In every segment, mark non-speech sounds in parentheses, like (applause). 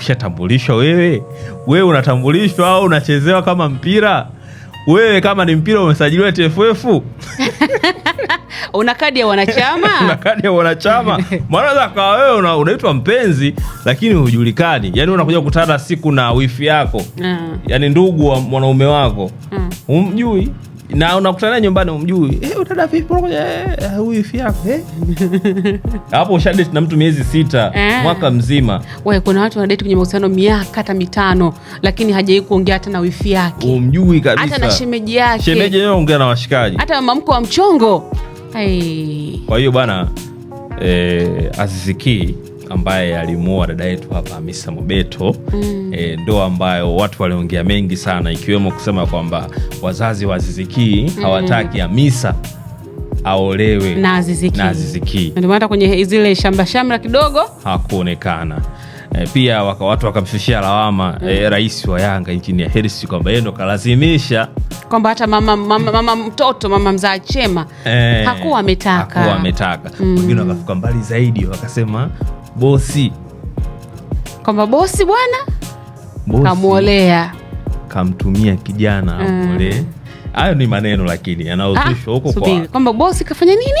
ushatambulishwa wewe? Wewe unatambulishwa au unachezewa kama mpira? Wewe kama ni mpira umesajiliwa TFF (laughs) una kadi ya wanachama (laughs) una kadi ya wanachama mwanaweza kawa wewe una, unaitwa mpenzi lakini hujulikani, yani unakuja kukutana siku na wifi yako, mm. Ah. yani ndugu wa mwanaume wako, mm. Ah. umjui na unakutana nyumbani umjui, eh, utada vipi eh, eh, huyu (laughs) hapo ushadeti na mtu miezi sita eh, mwaka mzima. We, kuna watu wanadeti kwenye mahusiano miaka hata mitano, lakini hajai kuongea hata na wifi yake, umjui kabisa, hata na shemeji yake. Shemeji yeye ongea na washikaji, hata mamko wa mchongo. Hey. Kwa hiyo bana, eh, azisikii ambaye alimuoa dada yetu hapa Hamisa Mobeto mm. E, eh, ndoa ambayo watu waliongea mengi sana ikiwemo kusema kwamba wazazi wa zizikii Ki mm. hawataki mm. Hamisa aolewe na Azizi Ki, ndio maana kwenye zile shamba shamra kidogo hakuonekana. E, pia waka watu wakamfishia lawama mm. e, rais wa Yanga injinia Hersi kwamba yeye ndo kalazimisha kwamba hata mama, mama, mama mtoto mama mzaa chema eh, hakuwa ametaka, hakuwa ametaka. Mm. Wengine mm. wakafuka mbali zaidi wakasema bosi kwamba bosi bwana kamwolea kamtumia kijana mm. Hayo ni maneno lakini yanahusishwa ah, huko kwa kwamba bosi kafanya nini,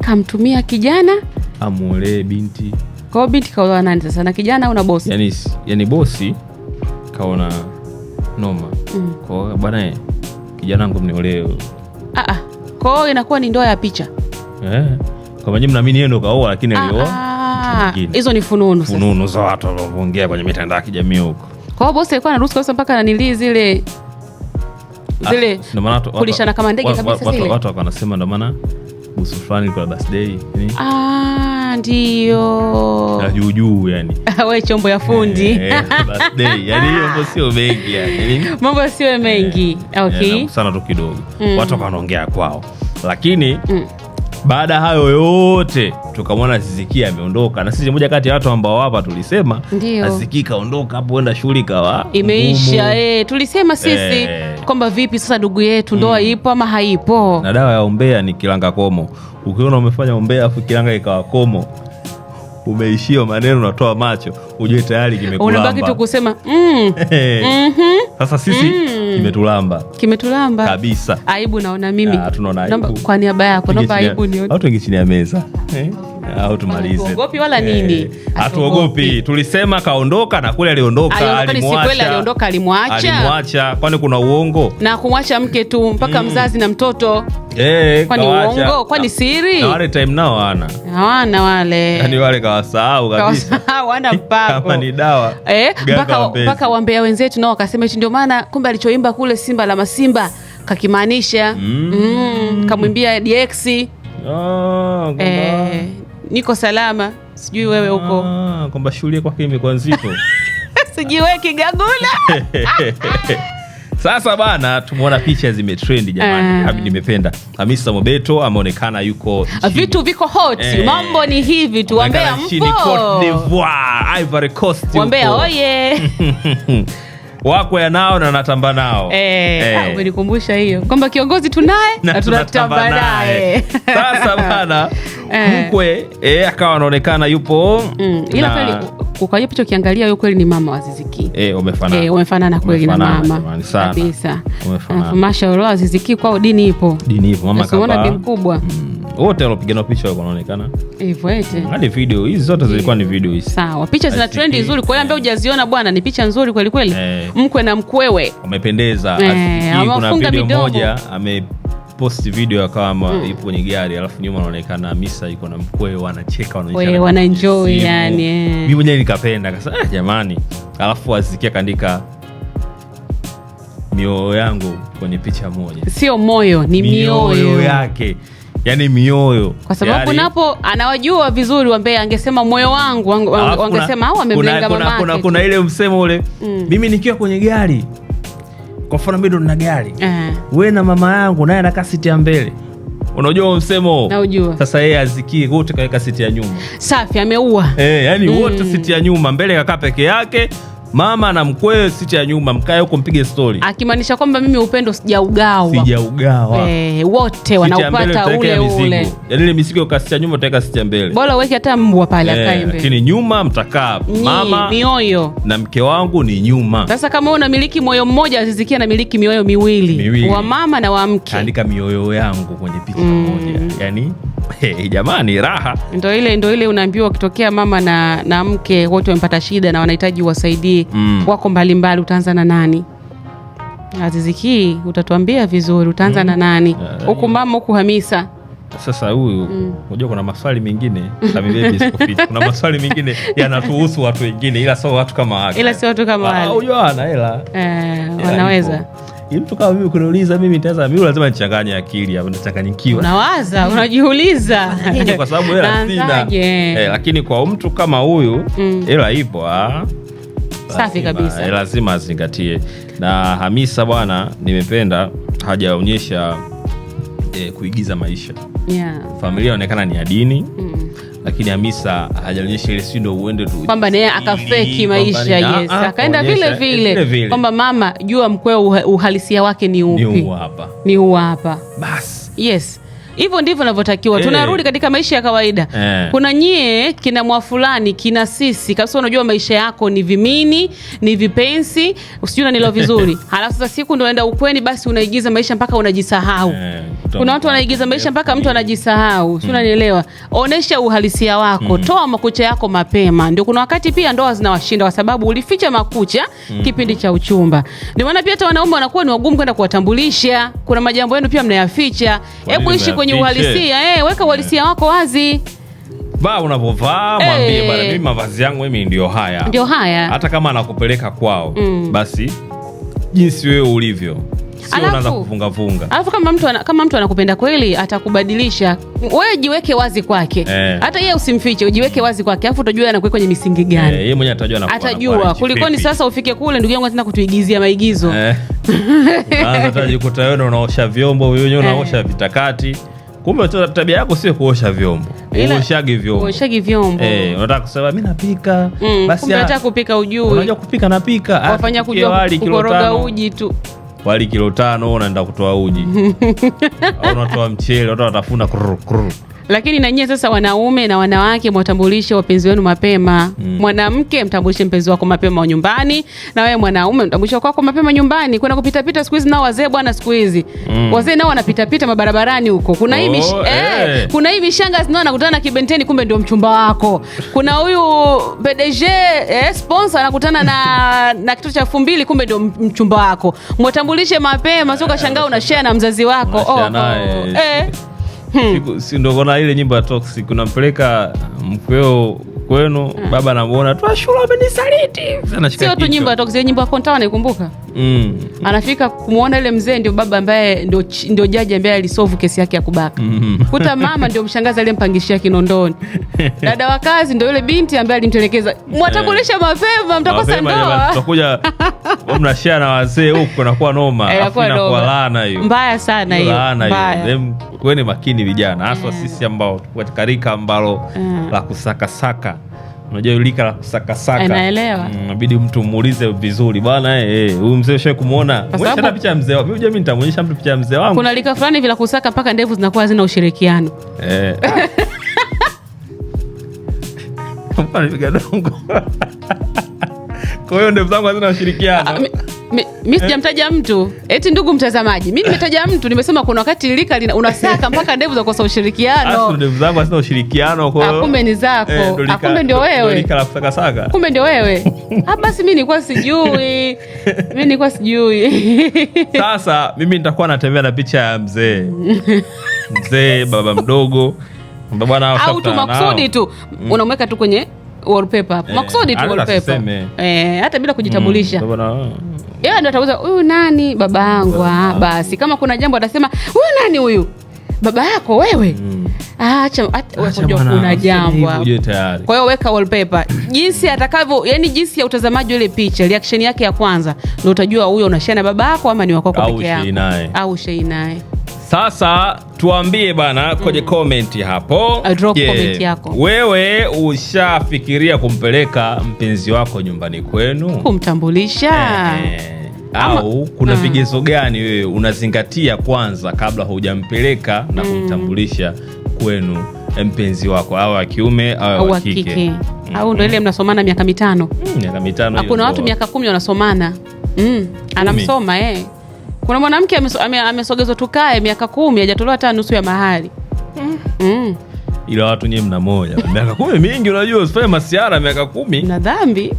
kamtumia kijana amwolee binti. Kwa binti kaolewa nani sasa, na kijana au na bosi? Yani, yani bosi kaona noma mm. Kwa bwana kijana wangu mniolee. Ah, ah. Kwa inakuwa ni ndoa ya picha eh. Kwa maana mnaamini yeye ndo kaoa, lakini alioa hizo ni fununu, fununu za watu wanaoongea kwenye mitandao ya kijamii huko. Kwa hiyo bosi alikuwa anaruhusu kabisa mpaka nanilii zile ah, zile kulishana kama ndege kabisa zile. Watu wanasema ndio maana busu fulani kwa birthday yani. Ah, ndio na juu juu, yani (laughs) we chombo ya fundi eh, eh, yani, hiyo, sio mengi yani, (laughs) mambo sio mengi eh, okay, sana tu kidogo, mm. watu wako wanaongea kwao, lakini mm. Baada ya hayo yote tukamwona Ziziki ameondoka, na sisi moja kati ya watu ambao hapa tulisema Ziziki kaondoka hapo, enda shughuli kawa imeisha. E, tulisema sisi e, kwamba vipi sasa ndugu yetu ndoa mm, ipo ama haipo? Na dawa ya umbea ni kilanga komo. Ukiona umefanya umbea afu kilanga ikawa komo umeishia maneno, unatoa macho, ujue tayari kimekulamba, unabaki tu kusema mm. (laughs) mm -hmm. Sasa sisi mm. Mm. kimetulamba kimetulamba kabisa. Aibu naona mimi, ah, tunaona aibu. Kwa niaba yako naomba aibu ni watu wengi chini ya meza eh. (laughs) au tumalize. Hatuogopi wala nini, eh, hatuogopi. Tulisema kaondoka na kule aliondoka, aliondoka, alimwacha, alimwacha. Kwani kuna uongo? Na kumwacha mke tu mpaka mm. mzazi na mtoto Eh, kwani uongo? Kwani siri? Na wale time nao hana. hawana wale, yani wale kawasahau kabisa, Kawasahau hawana (laughs) pako. kama ni dawa Eh, mpaka mpaka wambea wenzetu nao wakasema hicho ndio maana kumbe alichoimba kule Simba la Masimba kakimaanisha, mm. mm, kamwimbia DX. Oh, ah, eh, niko salama, sijui wewe huko, ah, kwamba shughuli kwake imekuwa nzito (laughs) sijui wewe Kigagula. (laughs) Sasa bana, tumeona picha zimetrend jamani, uh, nimependa. Hamisa Mobeto ameonekana yuko ah, chini. Vitu viko hot eh, mambo ni hivi tu, wambea mpo Ivory Coast, wambea oye (laughs) wako yanao na natamba nao eh, eh. umenikumbusha eh, hiyo kwamba kiongozi tunaye na tunatamba naye sasa bana eh. mkwe eh, akawa anaonekana yupo mm. ila na... kweli ukaja picha ukiangalia huyo kweli ni mama wa Aziziki eh, umefanana eh, umefanana kweli na mama kabisa. Alafu ah, mashallah Aziziki kwao dini ipo, dini ipo, mama kabisa, unaona bi mkubwa mm wote walopigana picha wanaonekana hivyo ete hadi video hizi zote zilikuwa ni video hizi. Sawa, picha zina trend nzuri, kwa hiyo ambaye hujaziona bwana, ni picha nzuri kweli kweli, eh. mkwe na mkwewe wamependeza. Eh, kuna video moja ame post video akawa ama mm. ipo kwenye gari alafu nyuma anaonekana Misa iko na mkweo wanacheka wanaenjoy yani yeah. mimi mwenyewe nikapenda kasa ah, eh, jamani alafu azikia kaandika mioyo yangu kwenye picha moja sio moyo ni mioyo, yake yani mioyo kwa sababu yani, napo anawajua vizuri wambee angesema moyo wangu wangesema au amemlenga mamake kuna, kuna, kuna ile msemo ule mm. mimi nikiwa kwenye gari kwa mfano mimi ndo nina gari eh. we na mama yangu naye anakaa siti ya mbele Unajua msemo naujua. Sasa yeye azikie wote kaweka siti ya nyuma. Safi, ameua e, yani wote mm. siti ya nyuma mbele kakaa peke yake mama na mkwewe sicha ya nyuma, mkae huko mpige stori, akimaanisha kwamba mimi upendo sijaugawa, sijaugawa eh, wote wanaupata ule ule. Yani ile misigo kasi nyuma utaweka sicha mbele, bora uweke hata mbwa pale eh, akae mbele, lakini nyuma mtakaa mama mioyo na mke wangu ni nyuma. Sasa kama wewe unamiliki moyo mmoja, Azizikia na miliki mioyo miwili, miwili, wa mama na wa mke. Andika mioyo yangu kwenye picha mm. moja yani Hey, jamani raha ndo ile, ndo ile unaambiwa ukitokea mama na, na mke wote wamepata shida na wanahitaji uwasaidie mm. wako mbalimbali, utaanza na nani? Aziziki utatuambia vizuri, utaanza mm. na nani? huku mama, huku Hamisa. Sasa huyu mm. unajua, mm. kuna maswali mengine (laughs) kuna maswali mengine yanatuhusu watu wengine, ila sio watu kama wale, ila sio watu kama ah, wale. Unajua ana hela eh, wanaweza mtu kama mimi kuniuliza mimi nitaweza mimi lazima nichanganye akili hapo, nitachanganyikiwa. unawaza (laughs) unajiuliza kwa sababu hela sina eh, lakini kwa mtu kama huyu mm. hela mm. ipo ah safi kabisa, eh, lazima azingatie. Na Hamisa bwana, nimependa hajaonyesha eh, kuigiza maisha yeah. Familia inaonekana ni ya dini mm. Lakini Hamisa hajaonyesha ile, si ndo uende tu kwamba naye akafeki maisha ah, yes, ah, akaenda eh, vile vile kwamba mama, jua mkweo, uhalisia wake ni upi? Ni huu hapa, ni huu hapa basi. Yes, hivyo ndivyo navyotakiwa. Hey. Eh. Tunarudi katika maisha ya kawaida hey. Eh. Kuna nyie kina mwa fulani kina sisi kabisa, unajua maisha yako ni vimini ni vipensi, usijui nanilo (laughs) vizuri halafu sasa siku ndo naenda ukweni, basi unaigiza maisha mpaka unajisahau hey. Eh, kuna watu wanaigiza maisha mpaka mtu anajisahau, si hmm. unanielewa? Onesha uhalisia wako hmm. Toa makucha yako mapema. Ndio kuna wakati pia ndoa zinawashinda kwa sababu ulificha makucha hmm. Kipindi cha uchumba, ndio maana pia hata wanaume wanakuwa ni wagumu kwenda kuwatambulisha. Kuna majambo yenu pia mnayaficha, hebu ishi kwenye uhalisia eh, weka uhalisia eh. wako wazi Ba unavyovaa hey. Mwambie eh. bana, mimi mavazi yangu mimi ndio haya ndio haya, hata kama anakupeleka kwao mm. Basi jinsi wewe ulivyo sio unaanza kufunga funga. Alafu kama mtu ana, kama mtu anakupenda kweli atakubadilisha wewe, jiweke wazi kwake hey. Eh. Hata yeye usimfiche, ujiweke wazi kwake, alafu utajua anakuwa kwenye misingi gani yeye hey, mwenyewe atajua anakuwa atajua kulikoni. Sasa ufike kule, ndugu yangu, anataka kutuigizia maigizo hey. (laughs) Unaanza tajikuta wewe unaosha vyombo, wewe unaosha vitakati Kumbe tabia yako sio kuosha vyombo, uoshagi vyombo, uoshagi vyombo eh, unataka kusema mimi napika mm, basi kupika ujui, unajua kupika napika, ah, wafanya kujua wali kukoroga uji tu wali kilo tano unaenda kutoa uji (laughs) unatoa mchele, watu watafuna kurukuru kuru lakini nanyie sasa, wanaume na wanawake, mwatambulishe wapenzi wenu mapema mm. Mwanamke mtambulishe mpenzi wako mapema wa nyumbani, na wewe mwanaume mtambulishe kwako mapema nyumbani. Kuna kupita pita siku hizi nao wazee bwana, siku hizi mm. wazee nao wanapita pita mabarabarani huko, kuna hii oh, eh, eh. kuna hii mishanga zinao anakutana na kibenteni, kumbe ndio mchumba wako. Kuna huyu PDG eh, sponsor anakutana na (laughs) na kitu cha 2000 kumbe ndio mchumba wako. Mwatambulishe mapema, sio kashangaa unashare na mzazi wako oh, oh, eh. Hmm. sindokona ile nyimbo ya Toxic unampeleka mkweo kwenu hmm. baba anamuona tu Ashura amenisaliti sio tu nyimbo ya Toxic nyimbo ya Kontawa naikumbuka mm. anafika kumuona ile mzee ndio baba ambaye ndio, ndio jaji ambaye alisolve kesi yake ya kubaka mm -hmm. kuta (laughs) mama ndio mshangazi aliyempangishia Kinondoni (laughs) dada wa kazi ndio yule binti ambaye alimtelekeza mtakulisha mapema mtakosa ndoa tutakuja (laughs) mnashia na wazee huko, nakuwa noma eh, nakuwa laana hiyo mbaya sana hiyo laana hiyo. Kuweni makini vijana, haswa eh. sisi ambao katika rika ambalo eh. la kusakasaka Unajua lika la kusakasaka, naelewa mm, inabidi mm, mtu muulize vizuri bwana, eh, huyu mzee ushawahi kumuona? Mwonyesha picha ya mzee wangu. Mimi nitamwonyesha mtu picha ya mzee wangu. Kuna lika fulani vila kusaka mpaka ndevu zinakuwa hazina ushirikiano eh. (laughs) (laughs) kwa hiyo ndevu zangu hazina ushirikiano. Ah, mi sijamtaja mtu eti, ndugu mtazamaji, mi nimetaja mtu, nimesema kuna wakati lika unasaka mpaka ndevu za kukosa ushirikiano. Ndevu zangu hazina ushirikiano, ah, kumbe ni zako eh, ah, kumbe ndio wewe, kumbe ndio wewe. Basi mi nilikuwa sijui, mi nilikuwa sijui. (laughs) Sasa mimi nitakuwa natembea na picha ya mzee mzee, baba mdogo, au tu makusudi tu mm. unamweka tu kwenye wallpaper hapo. Eh, Makusudi tu wallpaper. Eh, hata bila kujitambulisha. Mm, Yeye ndio atauza huyu nani baba yangu. Ah, basi kama kuna jambo atasema huyu nani huyu? Baba yako wewe. Mm. Ah, acha kuna jambo. Kwa hiyo weka wallpaper. Jinsi atakavyo, yani jinsi ya utazamaji ile picha, reaction yake ya kwanza ndio utajua huyo unashana baba yako ama ni wako peke yako. Au shei naye. Sasa tuambie bana kwenye mm. komenti hapo yeah. Wewe ushafikiria kumpeleka mpenzi wako nyumbani kwenu kumtambulisha eh, eh, au kuna ah. vigezo mm. gani wewe unazingatia kwanza kabla hujampeleka na mm. kumtambulisha kwenu mpenzi wako, awe wa kiume awe wa kike? Mm-hmm. Au ndo ile mnasomana miaka mitano? Mm, miaka mitano, ah, watu miaka kumi wanasomana. Mm, anamsoma eh kuna mwanamke amesogezwa tukae miaka kumi hajatolewa hata nusu ya mahari mm. Eh. mm. Ila watu nyie mna moja miaka kumi mingi, unajua usifanye masiara miaka kumi na dhambi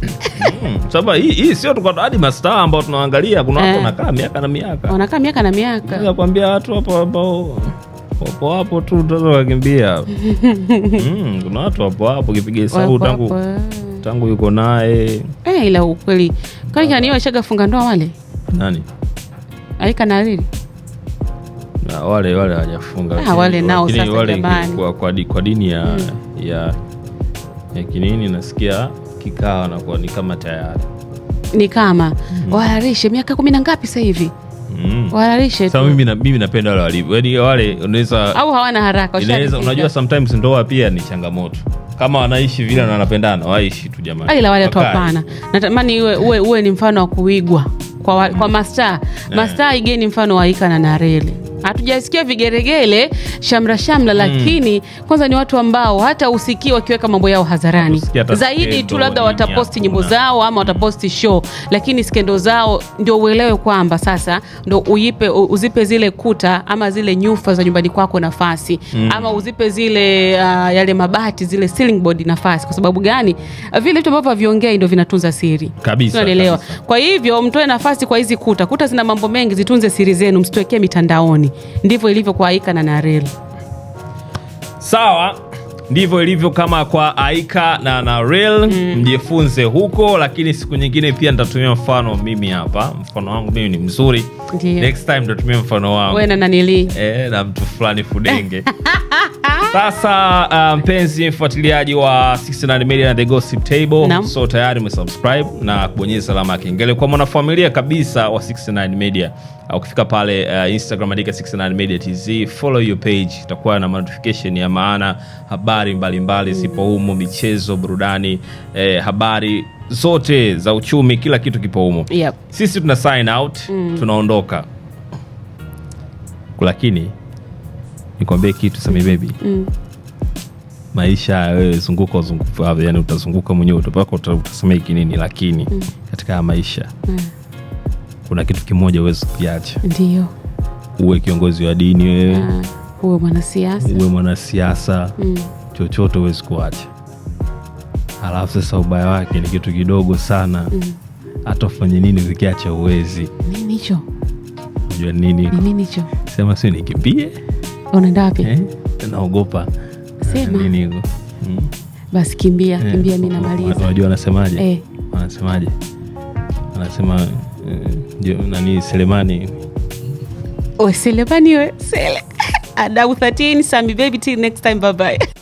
mm. Sasa hii hii sio tu hadi mastaa ambao tunaangalia, kuna watu eh. wanakaa eh, miaka na miaka wanakaa miaka na miaka. Nakwambia watu hapo ambao wapo hapo tu mtoto kakimbia. (laughs) mm, kuna watu wapo hapo kipiga hesabu tangu tangu yuko naye eh, ila ukweli kwani kaniwa ndoa wale nani Aika na lili na wale wale hawajafunga ah, wale nao wale kwa, kwa, di, kwa dini ya, hmm. ya, ya kinini nasikia kikawa nakuwa ni kama tayari ni kama mm. walarishe miaka kumi na ngapi sahivi hivi mm. walarishe sasa. Mimi na mimi napenda wale walivyo, yaani wale unaweza au hawana haraka, unaweza unajua, sometimes ndoa pia ni changamoto kama wanaishi vile na wanapendana, waishi tu jamani, ila wale tu hapana. Natamani uwe uwe ni mfano wa kuigwa kwa, kwa mastaa mastaa, igeni mfano waika na Nareli hatujasikia vigeregele shamra shamla, hmm. lakini mm. kwanza ni watu ambao hata usikii wakiweka mambo yao hadharani zaidi tu, labda wataposti nyimbo zao ama wataposti show, lakini skendo zao ndio uelewe kwamba sasa ndo uipe uzipe zile kuta ama zile nyufa za nyumbani kwako nafasi mm. ama uzipe zile uh, yale mabati zile ceiling board nafasi. Kwa sababu gani? Vile vitu ambavyo haviongei ndio vinatunza siri kabisa, unaelewa? Kwa hivyo mtoe nafasi kwa hizi kuta. Kuta zina mambo mengi, zitunze siri zenu, msituwekee mitandaoni. Ndivyo ilivyo kwa Aika na Narel. Sawa, ndivyo ilivyo kama kwa Aika na Narel. Mm. Mjifunze huko, lakini siku nyingine pia nitatumia mfano mimi hapa. Mfano wangu mimi ni mzuri. Ndiyo. Next time nitatumia mfano wangu. Wewe na nanili. Eh, na mtu fulani Fudenge (laughs) Sasa uh, mpenzi um, mfuatiliaji wa 69 Media na The Gossip Table no. So tayari umesubscribe na kubonyeza alama ya kengele kwa mwanafamilia kabisa wa 69 Media. Uh, ukifika pale uh, Instagram andika 69 Media TZ, follow your page, utakuwa na notification ya maana habari mbalimbali zipo mbali, humo michezo, burudani eh, habari zote za uchumi, kila kitu kipo humo yep. Sisi tuna sign out mm. tunaondoka, lakini nikwambie kitu sami bebi mm. maisha wewe zunguka yani utazunguka mwenyewe utapaka utasema hiki nini lakini mm. katika maisha mm. kuna kitu kimoja uwezi kukiacha ndio uwe kiongozi wa dini wewe ah, uwe mwanasiasa uwe mwanasiasa mm. chochote uwezi kuacha alafu sasa ubaya wake ni kitu kidogo sana mm. hata mm. ufanye nini vikiacha uwezi nini hicho nini nini sema sio nikimbie unaenda wapi eh? Naogopa sema nini hmm? Basi kimbia eh, kimbia, mi namaliza. Unajua wanasemaje eh? Wanasemaje? Wanasema eh, nani Selemani we Selemani we Sele (laughs) Sami baby till next time bye (laughs)